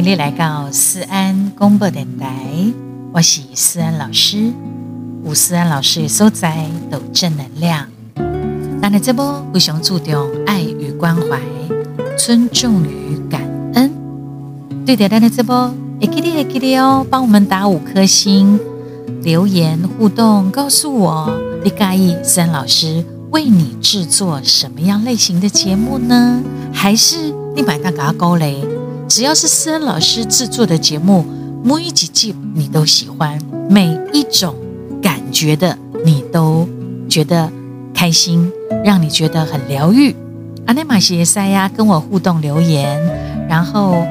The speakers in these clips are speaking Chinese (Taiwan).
歡迎來到思安廣播電台，我是思安老師。五思安老師的所在抖正能量，咱的直播非常注重愛與關懷、尊重與感恩。對的，咱的直播，給力，給力哦！幫我們打五顆星，留言互動，告訴我你介意思安老師為你制作什麼樣類型的節目呢？還是你外那個勾勒？只要是思安老師制作的節目，每一集你都喜歡，每一種感覺的你都覺得開心，讓你覺得很療癒。阿內馬西塞呀，跟我互動留言，然後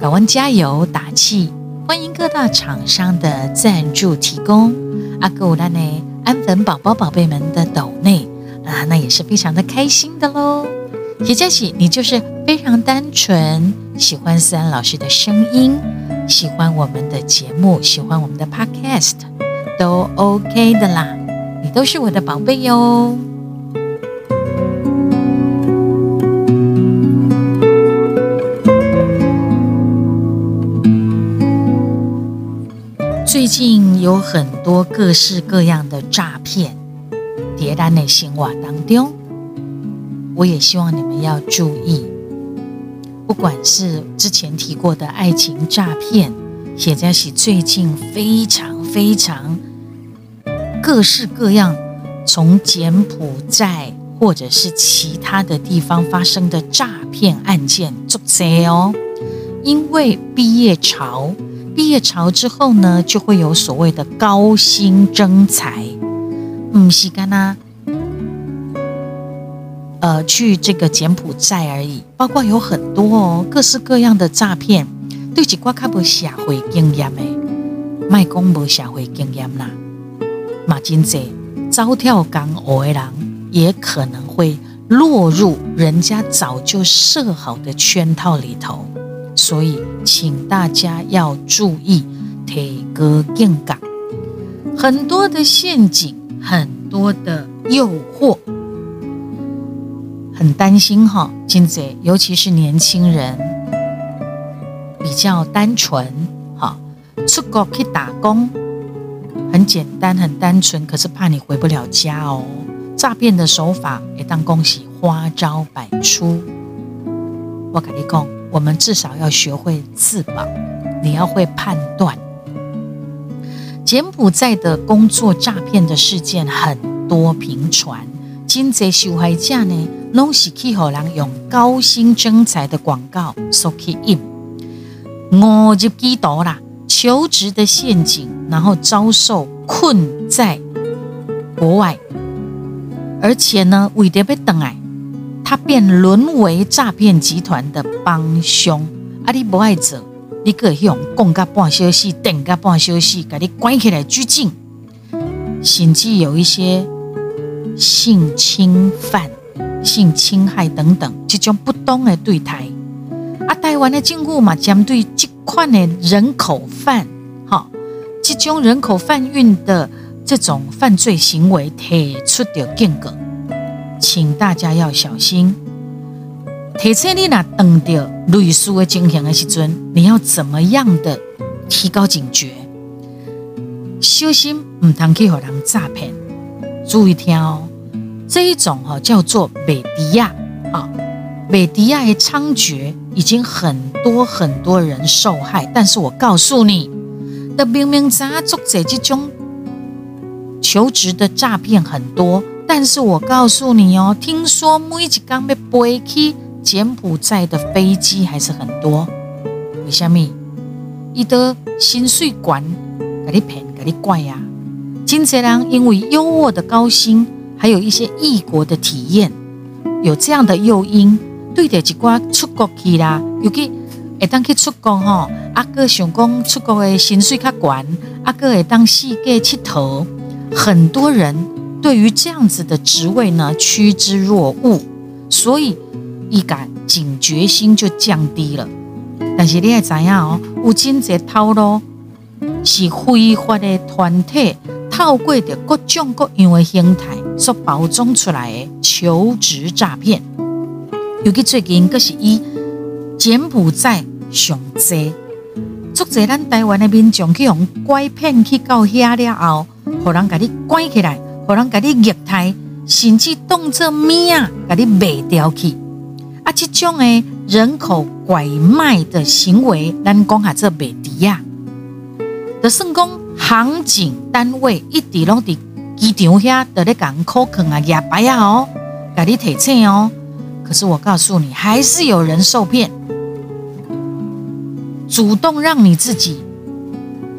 港灣加油打氣，歡迎各大廠商的贊助提供。阿格烏拉內，安粉寶寶寶貝們的斗內啊，那也是非常的開心的嘍。其實，你就是非常單純。喜歡思安老師的聲音，喜歡我們的節目，喜歡我們的 Podcast，都 OK 的啦。你都是我的寶貝喲。 最近有很多各式各樣的詐騙跌在內心瓦當中，我也希望你們要注意。不管是之前提過的愛情詐騙，或者是最近非常非常各式各樣，從柬埔寨或者是其他的地方發生的詐騙案件，作賊哦！因為畢業潮，畢業潮之後呢，就會有所謂的高薪徵才，嗯，是幹吶？呃，去這個柬埔寨而已，包括有很多哦，各式各樣的詐騙。對起刮卡，沒社會經驗的賣工，沒社會經驗啦。馬金姐招跳崗偶的人也可能會落入人家早就設好的圈套裡頭，所以請大家要注意提高警覺。很多的陷阱，很多的誘惑。很擔心哈，金姐，尤其是年輕人比較單純哈，出國去打工很簡單，很單純，可是怕你回不了家哦。詐騙的手法也當恭喜，花招百出。我跟你講，我們至少要學會自保，你要會判斷。柬埔寨的工作詐騙的事件很多傳，頻傳。真濟受害者呢，攏是去予人用高薪徵才的廣告所吸引，誤入歧途啦。求職的陷阱，然後遭受困在國外，而且呢，為著要回來，他便淪為詐騙集團的幫凶。啊，你不愛走，你個向講甲半小時，等甲半小時，給你關起來拘禁，甚至有一些。性侵犯、性侵害等等，這種不當的對待，啊，台灣的政府嘛，針對這款的人口犯，哈、哦，這種人口販運的這種犯罪行為，提出着警告，請大家要小心。假設你吶，當到類似的情形的時陣，你要怎麼樣的提高警覺，小心唔當去予人詐騙。注意聽哦，這一種哈、哦、叫做美迪亞啊，美迪亞的猖獗已經很多很多人受害，但是我告訴你，的明明咱做在這種求職的詐騙很多，但是我告訴你哦，聽說每一天要飛去柬埔寨的飛機還是很多，為什麼？你的心血管，甲你騙，甲你怪呀、啊。真儕人因為優渥的高薪，還有一些異國的體驗，有這樣的誘因，對得一寡出國去啦，尤其會當去出國吼，啊，閣想講出國的薪水較懸，啊閣會當世界佚迌，很多人對於這樣子的職位呢趨之若鶩，所以一感警覺心就降低了。但是你也知影哦，有真儕套路是非法的團體。透過着各種各樣嘅形態所包裝出來嘅求職詐騙，尤其最近閣是以柬埔寨上濟，足濟咱台灣嘅民眾去用拐騙去到遐了後，互人把你拐起來，互人把你虐待，甚至當做物件把你賣掉去。啊，這種嘅人口拐賣的行為，咱講下做未挃啊，就算講。航警單位一直攏佇機場遐，佇咧講苦勸啊、戒牌啊哦，甲你提醒哦。可是我告訴你，還是有人受騙，主動讓你自己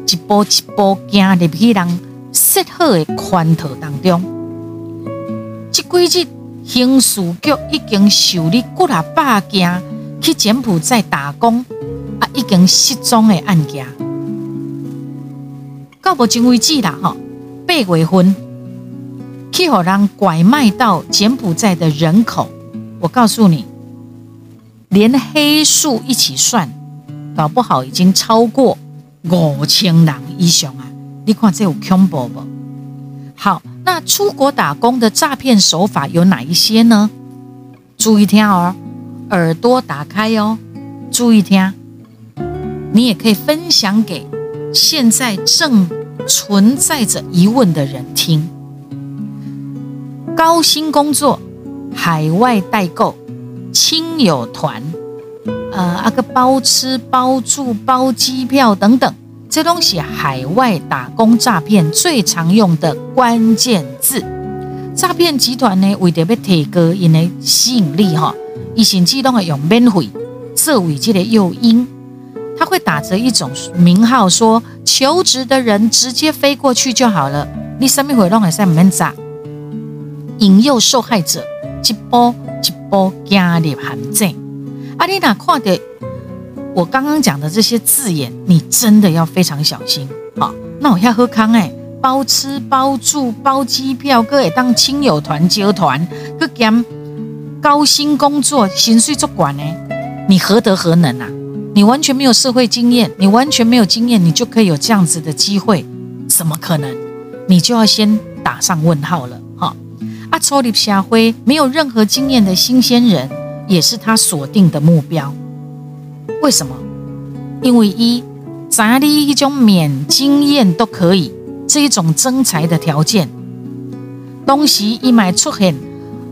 一步一步走入批人設好的圈套當中。這幾日，刑事局已經受理過阿百件去柬埔寨打工啊，已經失蹤的案件。搞不金融危機啦哈，被未婚，去好讓人拐賣到柬埔寨的人口，我告訴你，連黑數一起算，搞不好已經超過五千人以上啊！你看這有恐怖不？好，那出國打工的詐騙手法有哪一些呢？注意聽哦，耳朵打開哦，注意聽，你也可以分享給。現在正存在着疑問的人聽，高薪工作、海外代購、親友團，呃，個包吃包住包機票等等，這東西海外打工詐騙最常用的關鍵字。詐騙集團呢，為着要提高因的吸引力哈，伊甚至攏會用免費為這為即個誘因。他會打着一種名號說，說求職的人直接飛過去就好了，你生命活動也在裡面引誘受害者一波一波加入陷阱。阿麗娜，看着我剛剛講的這些字眼，你真的要非常小心啊、哦！那我要喝康哎，包吃包住包機票，哥哎當親友團接團，各講高薪工作薪水主管呢，你何德何能啊？你完全沒有社會經驗，你完全沒有經驗，你就可以有這樣子的機會，怎麼可能？你就要先打上問號了，哈、啊！阿初入社會沒有任何經驗的新鮮人，也是他鎖定的目標。為什麼？因為一，咋哩一種免經驗都可以，是一種徵才的條件。東西一買出很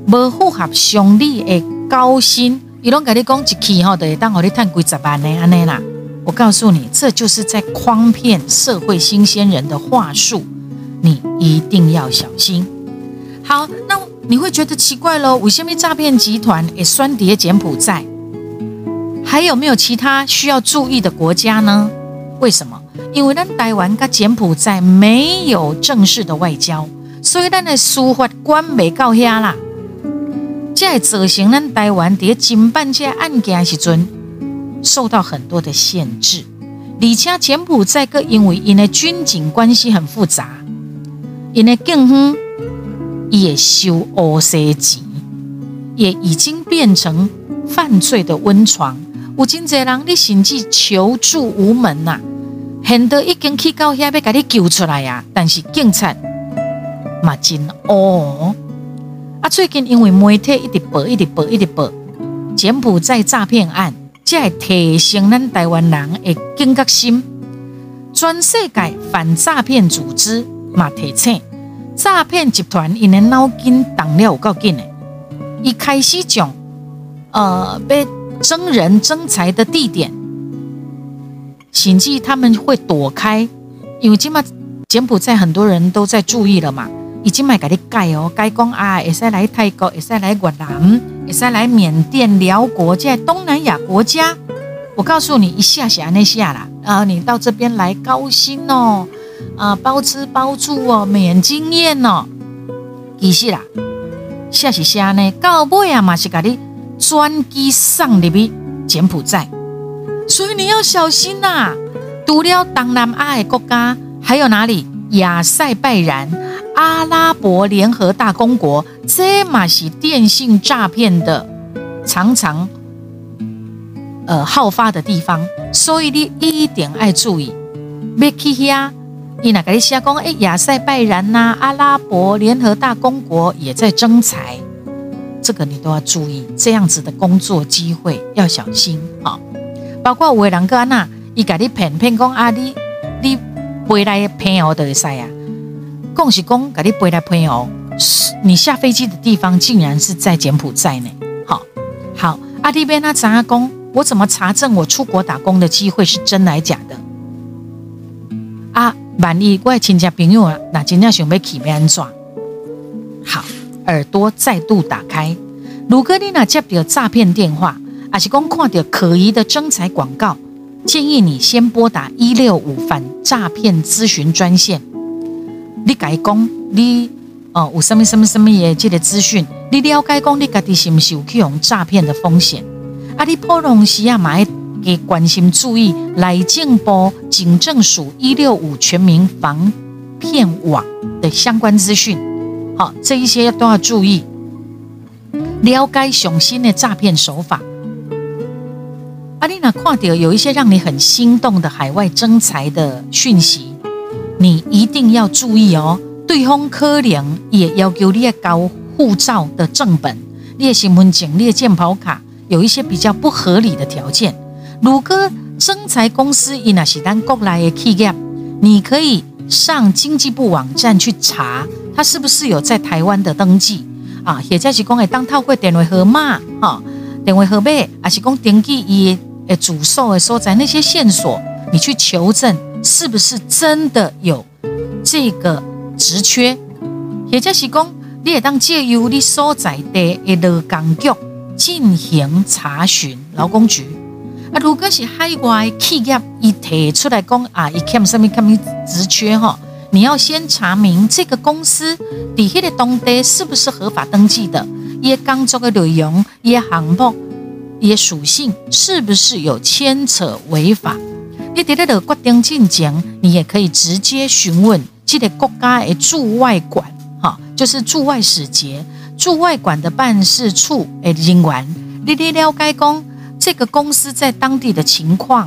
不符合常理的高薪。伊攏甲你講一次吼，對，當我咧趁幾十萬呢，安呢啦。我告訴你，這就是在誆騙社會新鮮人的話術，你一定要小心。好，那你會覺得奇怪嘍，為什麼詐騙集團誒，專碟柬埔寨？還有沒有其他需要注意的國家呢？為什麼？因為咱台灣跟柬埔寨沒有正式的外交，所以咱的司法管袂到遐啦。這造在造成咱台灣佇咧偵辦即個案件的時陣，受到很多的限制，而且柬埔寨閣因為因的軍警關係很複雜，因的警方也收烏西錢，也已經變成犯罪的溫床。有真儕人，你甚至求助無門吶、啊，很多已經去到遐要甲你救出來呀，但是警察嘛真烏。啊，最近因為媒體一直報、一直報、一直報柬埔寨詐騙案，這係提升咱台灣人的警覺心。全世界反詐騙組織嘛提醒，詐騙集團因咧腦筋動了有夠緊的，一開始講，呃，要徵人徵才的地點，甚至他們會躲開，因為今嘛柬埔寨很多人都在注意了嘛。已經買給你蓋哦，蓋講啊，會使來泰國，會使來越南，會使來緬甸、寮國這東南亞國家。我告訴你一下下那下啦，啊、呃，你到這邊來高薪哦，啊、呃，包吃包住哦，免經驗哦，其實啦，下是蝦呢？到尾啊嘛是給你專機送入去柬埔寨，所以你要小心吶、啊。除了東南亞的國家，還有哪裡？亞塞拜然、阿拉伯聯合大公國，這嘛是電信詐騙的常常，呃，好發的地方，所以你一定要注意。v i c 伊那個哎、欸，亞塞拜然吶、啊，阿拉伯聯合大公國也在徵才，這個你都要注意。這樣子的工作機會要小心啊、哦！包括有的人啊，吶，伊給你騙騙講啊，你你未來騙我都得使啊！恭喜公，喜，給你帶來朋友，你下飛機的地方竟然是在柬埔寨呢、哦。好好，阿弟邊那查公，怎我怎麼查證我出國打工的機會是真還假的？啊，萬一我親戚朋友啊，那真正想要去安怎？好，耳朵再度打開，如果你那接到詐騙電話，或是公看到可疑的徵才廣告，建議你先撥打一六五反詐騙諮詢專線。你該講你哦，有什麼什麼什麼的這個資訊，你了解講你家底是不是有可能詐騙的風險？啊，你普通西亞買給關心注意，內政部警政署一六五全民防騙網的相關資訊。好、啊，這一些都要注意，了解最新的詐騙手法。啊，你那看到有一些讓你很心動的海外徵才的訊息。你一定要注意哦，對方可能也要求你交護照的正本，你的身份證、你的健保卡，有一些比較不合理的條件。如果徵才公司伊若是咱國內的企業，你可以上經濟部網站去查，他是不是有在台灣的登記啊？也就是講誒，當套櫃電話號碼嘛？哈、啊，電話號碼咩？還是講登記伊的主售的所在那些線索，你去求證。是不是真的有這個職缺？也就是講，你也當借由你所在地的勞工局進行查詢。勞工局啊，如果是海外企業，伊提出來講啊，伊欠什麼什麼職缺哈，你要先查明這個公司在那個當地是不是合法登記的，伊工作的內容、伊行報、伊屬性是不是有牽扯違法。你佇了了國定進講，你也可以直接詢問這個國家的駐外館，哈、哦，就是駐外使節、駐外館的辦事處的人員，你了了解講這個公司在當地的情況，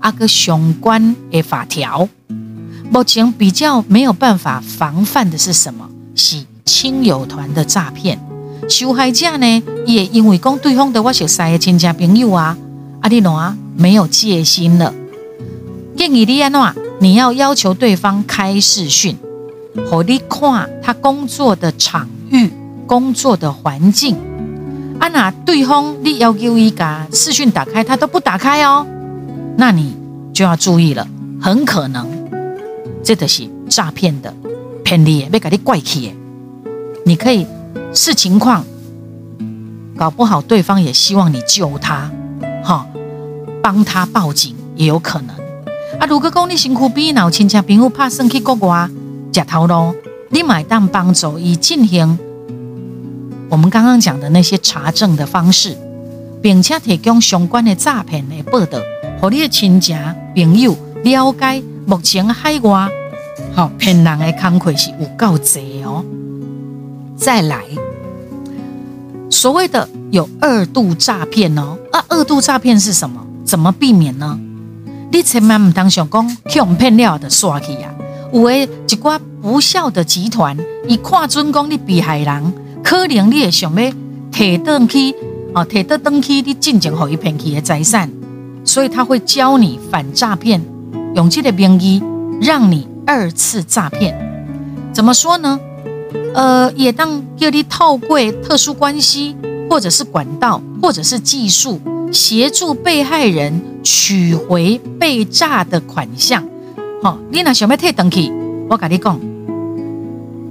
阿個相關誒法條。目前比較沒有辦法防範的是什麼？是親友團的詐騙。受害者呢，也因為講對方的我熟悉的親戚朋友啊，阿、啊、你喏啊，沒有戒心了。建議你啊，你要要求對方開視訊，讓你看他工作的場域、工作的環境。啊，那對方你要求他把視訊打開，他都不打開哦，那你就要注意了，很可能這個是詐騙的騙你的，要給你拐去。你可以視情況，搞不好對方也希望你救他，哈，幫他報警也有可能。啊，如果講你身邊若有親戚朋友拍算去國外食頭路，你會當幫助伊進行我們剛剛講的那些查證的方式，並且提供相關的詐騙的報道，和你的親戚朋友了解目前海外齁，騙人的康虧是有夠多哦。再來，所謂的有二度詐騙哦，啊，二度詐騙是什麼？怎麼避免呢？你千萬唔通想講，予人騙了就刷去呀。有誒一寡不孝的集團，伊看準講你被害人，可能你會想要摕到去，啊、哦，摕到登去，你盡情可以騙去個財產。所以他會教你反詐騙，用這個名義讓你二次詐騙。怎麼說呢？呃，也當叫你透過特殊關係，或者是管道，或者是技術協助被害人。取回被詐的款項。好，你若想要退回去，我跟你講，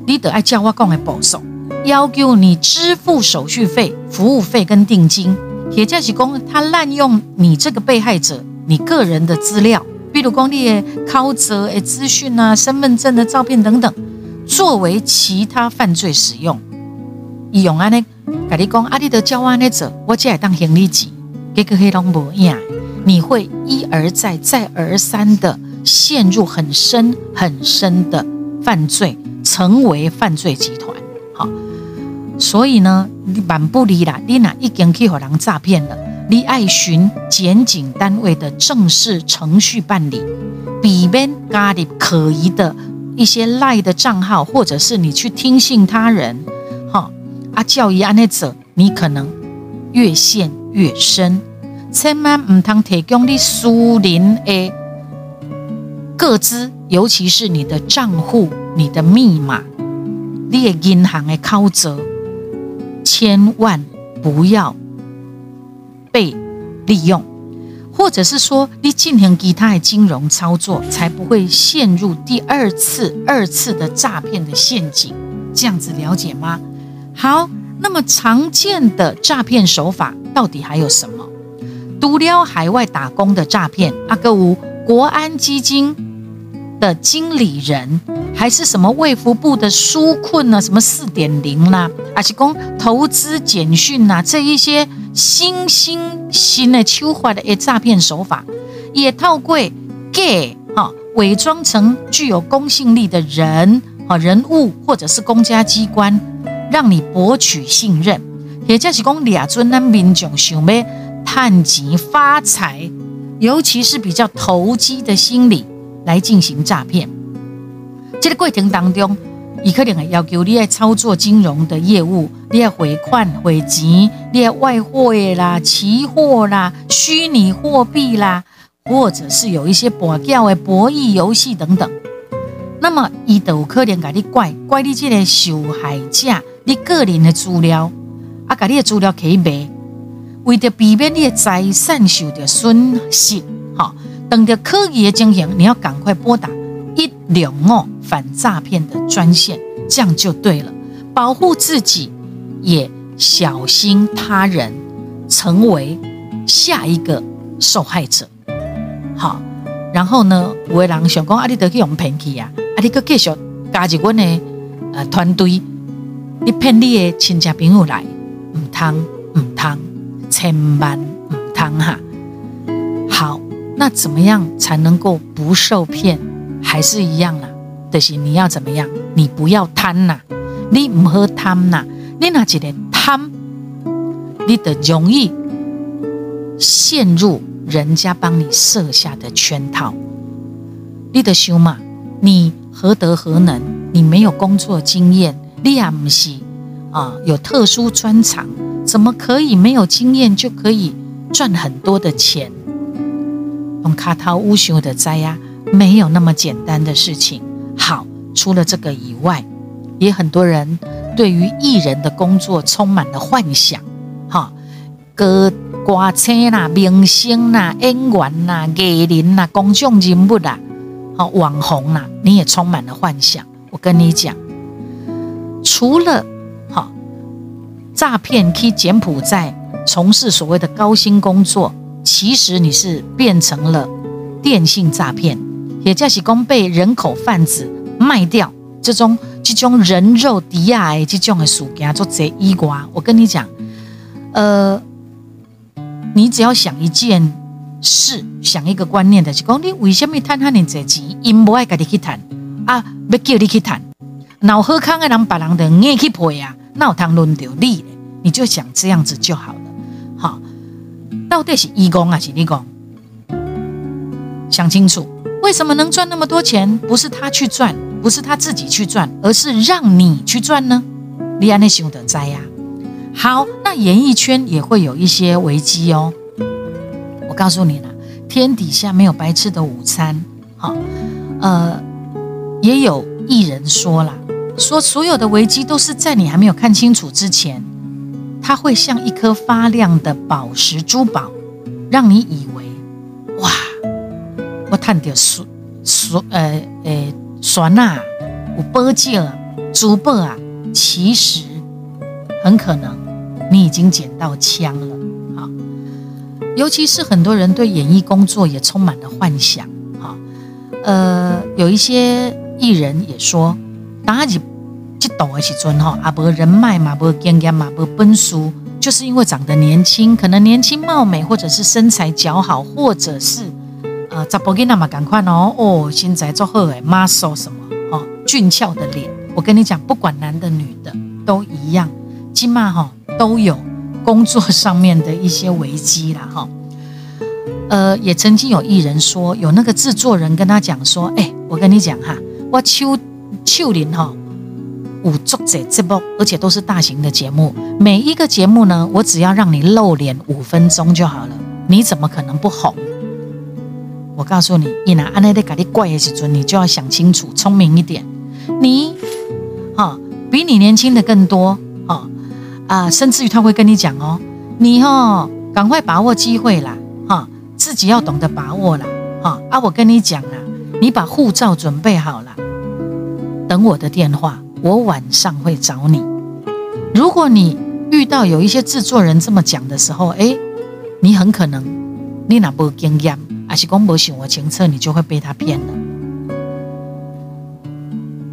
你得愛照我講的步數，要求你支付手續費、服務費跟定金。也就是說，他濫用你這個被害者你個人的資料，比如講你口座誒資訊啊、身份證的照片等等，作為其他犯罪使用。用安尼跟你講，啊，你得照我安尼做，我才會當行李寄，結果係攏無你會一而再、再而三的陷入很深很深的犯罪，成為犯罪集團。好、哦，所以呢，你蠻不利啦。你吶已經去和人詐騙了，你愛尋檢警單位的正式程序辦理，避免加的可疑的一些賴的賬號，或者是你去聽信他人。哈、哦，啊，教育阿那者，你可能越陷越深。千萬不能提供你私人的個資，尤其是你的賬戶、你的密碼、你的銀行的卡號，千萬不要被利用，或者是說你進行其他的金融操作，才不會陷入第二次、二次的詐騙的陷阱。這樣子了解嗎？好，那麼常見的詐騙手法到底還有什麼？除了海外打工的詐騙，阿個五國安基金的經理人，還是什麼衛福部的紓困吶，什麼四點零啦，還是講投資簡訊吶、啊，這一些新興新,新的、秋化的詐騙手法，也套過 gay 哈，偽、哦、裝成具有公信力的人、哈、哦、人物或者是公家機關，讓你博取信任，或者是講，兩尊咱民眾想要。趁機發財，尤其是比較投機的心理來進行詐騙。這個過程當中，伊可能要求你要操作金融的業務，你要匯款、匯錢，你要外匯啦、期貨啦、虛擬貨幣啦，或者是有一些賭博的博弈遊戲等等。那麼，伊都可能家啲怪怪你這個受害者，你個人的資料，啊，家啲資料可以賣。為着避免你的財產受到損失，哈、哦，當着可疑的情形，你要趕快撥打一六五反詐騙的專線，這樣就對了。保護自己，也小心他人，成為下一個受害者。好、哦，然後呢，有的人想講，阿、啊、你給去用騙去呀，阿、啊、你個繼續加入我們的，呃，團隊，你騙你的親戚朋友來，唔通唔通。千萬不貪哈，好，那怎麼樣才能夠不受騙？還是一樣啦，但、就是你要怎麼樣？你不要貪吶、啊，你唔好貪吶，你那一個貪，你的容易陷入人家幫你設下的圈套。你的想嘛，你何德何能？你沒有工作經驗，你也不是啊、呃，有特殊專長。怎麼可以沒有經驗就可以賺很多的錢？用卡掏烏秀的在呀，沒有那麼簡單的事情。好，除了這個以外，也很多人對於藝人的工作充滿了幻想。哈、哦、歌、歌星啦、啊、明星啦、演員啦、藝人啦、啊、公眾人物啦、啊、好、哦、網紅啦、啊，你也充滿了幻想。我跟你講，除了詐騙去柬埔寨從事所謂的高薪工作，其實你是變成了電信詐騙，也就是講被人口販子賣掉這種這種人肉抵押的這種的事件做第一掛。我跟你講，呃，你只要想一件事，想一個觀念的，是講你為什麼貪他那錢？因不愛跟你去談啊，要叫你去談，腦殼空的人，別人就愛去陪啊，哪有通輪到你？你就想這樣子就好了，好、哦，到底是義工啊，是利工？想清楚，為什麼能賺那麼多錢？不是他去賺，不是他自己去賺，而是讓你去賺呢？你安內修得哉呀！好，那演藝圈也會有一些危機哦。我告訴你啦，天底下沒有白吃的午餐。好、哦，呃，也有藝人說了，說所有的危機都是在你還沒有看清楚之前。它會像一顆發亮的寶石、珠寶，讓你以為，哇！我看到說說，呃呃，說那、啊、有寶鏡、啊、珠寶啊，其實很可能你已經撿到槍了、哦，尤其是很多人對演藝工作也充滿了幻想，哈、哦。呃，有一些藝人也說，妲己。去抖而且尊吼，阿伯人脈嘛，不見牙嘛，不奔俗，就是因為長得年輕，可能年輕貌美，或者是身材姣好，或者是呃，咋不給那嘛？趕快哦哦，現在做好哎，muscle 什麼哦，俊俏的臉。我跟你講，不管男的女的都一樣，起碼哈都有工作上面的一些危機了哈、哦。呃，也曾經有藝人說，有那個製作人跟他講說，哎，我跟你講哈、啊，我秋秋林哈。五足者節目，而且都是大型的節目。每一個節目呢，我只要讓你露臉五分鐘就好了。你怎麼可能不紅？我告訴你，你拿安內德咖喱怪也時准，你就要想清楚，聰明一點。你，哈、哦，比你年輕的更多，哈、哦、啊、呃，甚至於他會跟你講哦，你哦，趕快把握機會啦，哈、哦，自己要懂得把握啦，哈、哦、啊，我跟你講啊，你把護照準備好了，等我的電話。我晚上會找你。如果你遇到有一些制作人這麼講的時候，誒，你很可能你哪不經驗，而且公不選我前車，你就會被他騙了。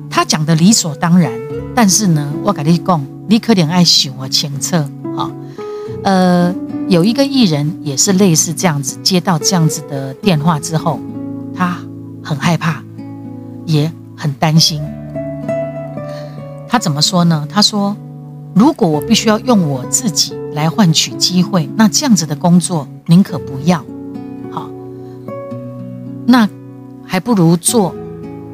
他講的理所當然，但是呢，我跟你講，你可得愛選我前車。好、哦，呃，有一個藝人也是類似這樣子，接到這樣子的電話之後，他很害怕，也很擔心。他怎麼說呢？他說：“如果我必須要用我自己來換取機會，那這樣子的工作寧可不要。好、哦，那還不如做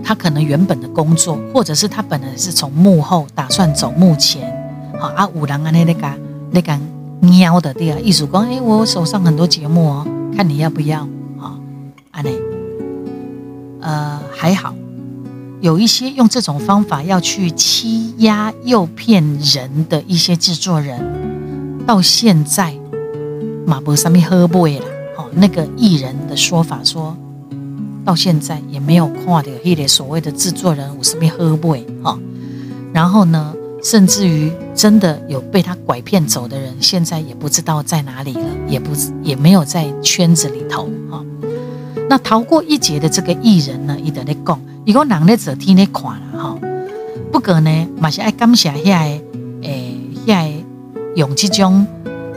他可能原本的工作，或者是他本來是從幕後打算走幕前。好、哦、啊，五郎啊，那那個那個喵的第二藝術光，誒，我手上很多節目哦，看你要不要？好，啊、哦，那呃，還好。”有一些用這種方法要去欺壓、誘騙人的一些製作人，到現在馬博上米喝不喂了，哈，那個藝人的說法說，到現在也沒有跨的一點所謂的製作人我是沒喝不喂哈。然後呢，甚至於真的有被他拐騙走的人，現在也不知道在哪裡了，也不也沒有在圈子裡頭哈。那逃過一劫的這個藝人呢，一直在講。一個人咧做天咧看哈，不過呢，馬是愛感謝那些、個、誒、欸、那些、個、用這種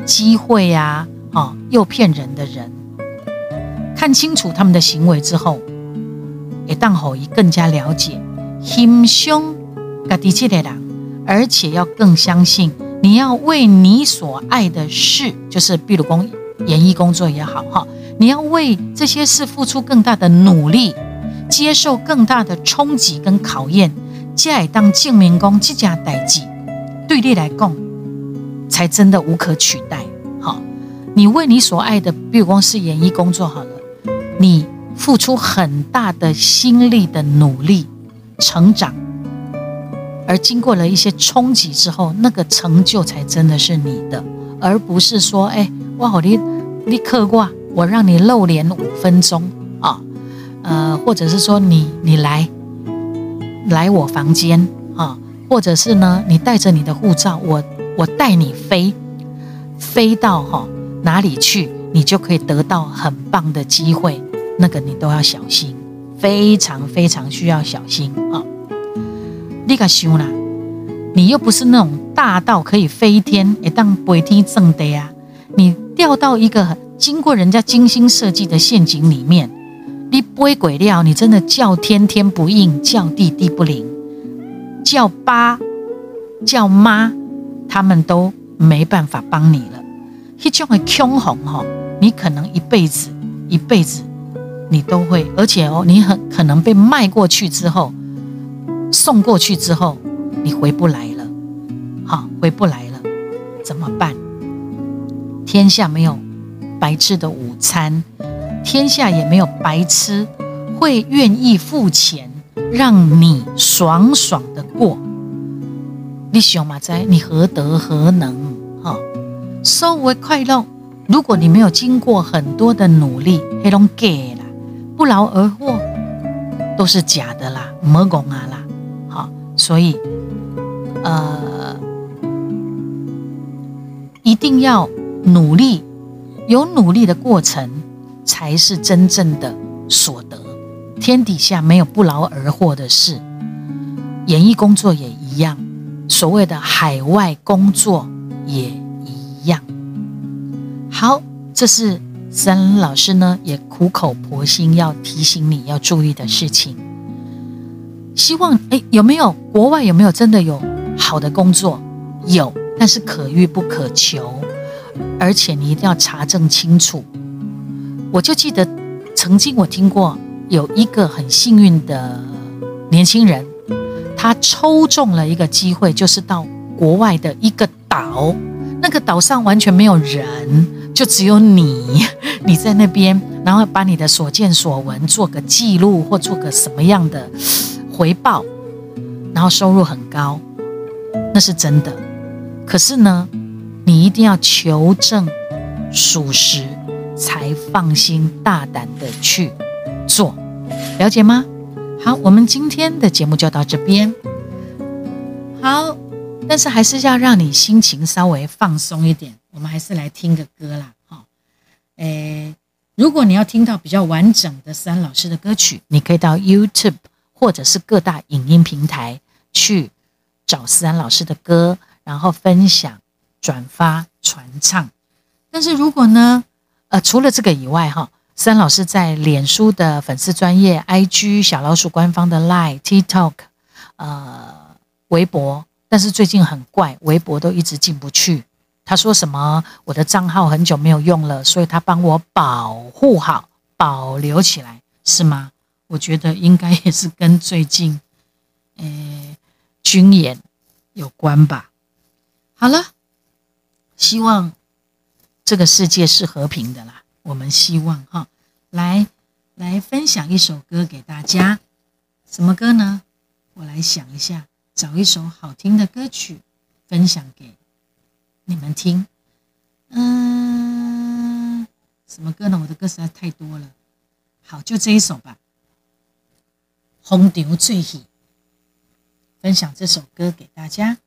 機會啊，又、哦、騙人的人，看清楚他們的行為之後，也當好一更加了解心胸噶底切的人，而且要更相信，你要為你所愛的事，就是比如講演藝工作也好哈，你要為這些事付出更大的努力。接受更大的衝擊跟考驗，再來當淨明工即家代志，對你來共，才真的無可取代。好，你為你所愛的，比如光是演藝工作好了，你付出很大的心力的努力成長，而經過了一些衝擊之後，那個成就才真的是你的，而不是說，哎、欸，哇，我讓你立刻掛，我讓你露臉五分鐘。呃，或者是說你你來，來我房間啊、哦，或者是呢，你帶着你的護照，我我帶你飛，飛到哈、哦、哪裡去，你就可以得到很棒的機會。那個你都要小心，非常非常需要小心啊、哦！你敢想啦？你又不是那種大到可以飛天，也當飛天正的呀。你掉到一個經過人家精心設計的陷阱裡面。你不會鬼料，你真的叫天天不應，叫地地不靈，叫爸，叫媽，他們都沒辦法幫你了。一種的恐慌你可能一輩子，一輩子你都會，而且哦，你很可能被賣過去之後，送過去之後，你回不來了，好，回不來了，怎麼辦？天下沒有白吃的午餐。天下也沒有白痴會願意付錢讓你爽爽的過，你小馬仔，你何德何能？哈、哦，所謂快樂，如果你沒有經過很多的努力，黑龍給了不勞而獲都是假的啦，沒工啊啦、哦，所以呃，一定要努力，有努力的過程才是真正的所得。天底下沒有不勞而獲的事，演藝工作也一樣，所謂的海外工作也一樣。好，這是思安老師呢，也苦口婆心要提醒你要注意的事情。希望誒、欸，有沒有國外有沒有真的有好的工作？有，但是可遇不可求，而且你一定要查證清楚。我就記得，曾經我聽過有一個很幸運的年輕人，他抽中了一個機會，就是到國外的一個島，那個島上完全沒有人，就只有你，你在那邊，然後把你的所見所聞做個記錄，或做個什麼樣的回報，然後收入很高，那是真的。可是呢，你一定要求證屬實。才放心大膽的去做，了解嗎？好，我們今天的節目就到這邊。好，但是還是要讓你心情稍微放鬆一點，我們還是來聽個歌啦。哈、哦，誒，如果你要聽到比較完整的思安老師的歌曲，你可以到 YouTube 或者是各大影音平台去找思安老師的歌，然後分享、轉發、傳唱。但是如果呢？呃，除了這個以外，哈，思安老師在臉書的粉絲專頁、IG 小老鼠官方的 Line、TikTok、呃，微博，但是最近很怪，微博都一直進不去。他說什麼，我的賬號很久沒有用了，所以他幫我保護好，保留起來，是嗎？我覺得應該也是跟最近，呃，軍演有關吧。好了，希望。這個世界是和平的啦，我們希望哈、哦，來來分享一首歌給大家，什麼歌呢？我來想一下，找一首好聽的歌曲分享給你們聽。嗯，什麼歌呢？我的歌實在太多了，好，就這一首吧，《逢場作戲》。分享這首歌給大家。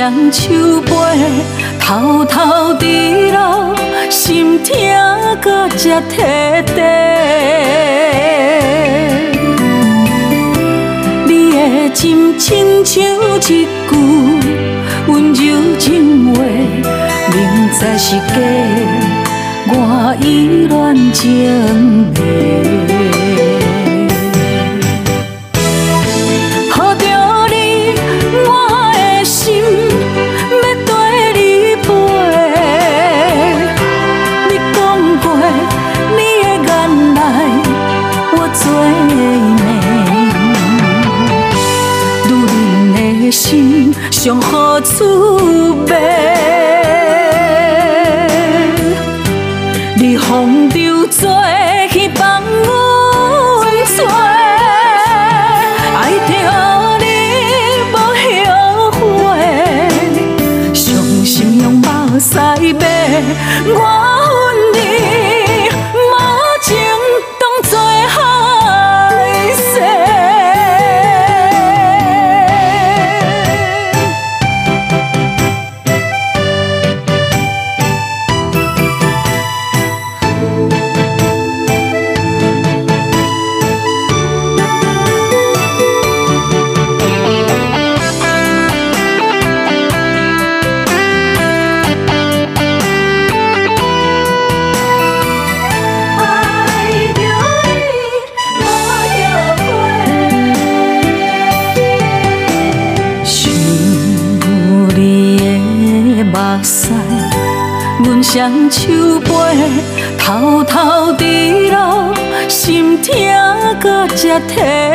將手背偷偷滴落，心痛到這徹底。你的心親像一句溫柔情話，明知是假，我依然情迷。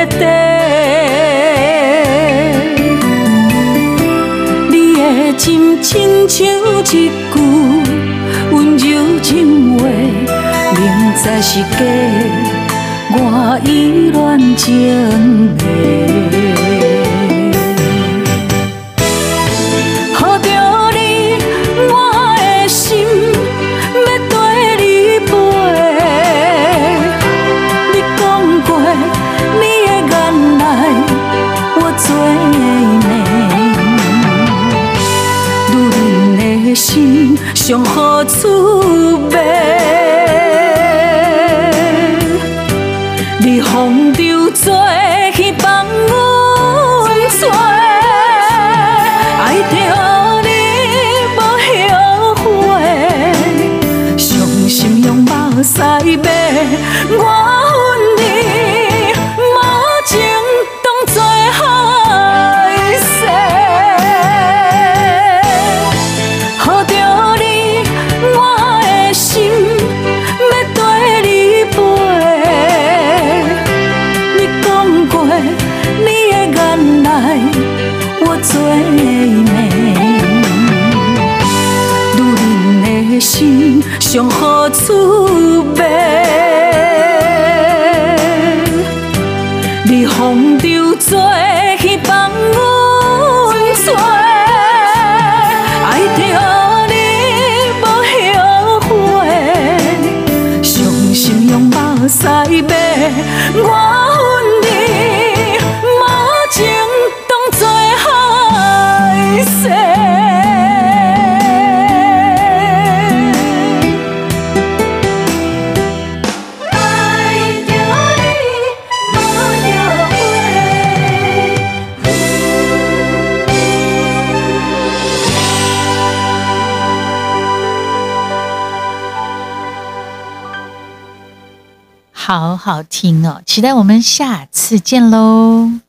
你的真心像一句溫柔情話，明知是假，我依然情迷。最美，女人的心上何處？好聽哦，期待我們下次見嘍。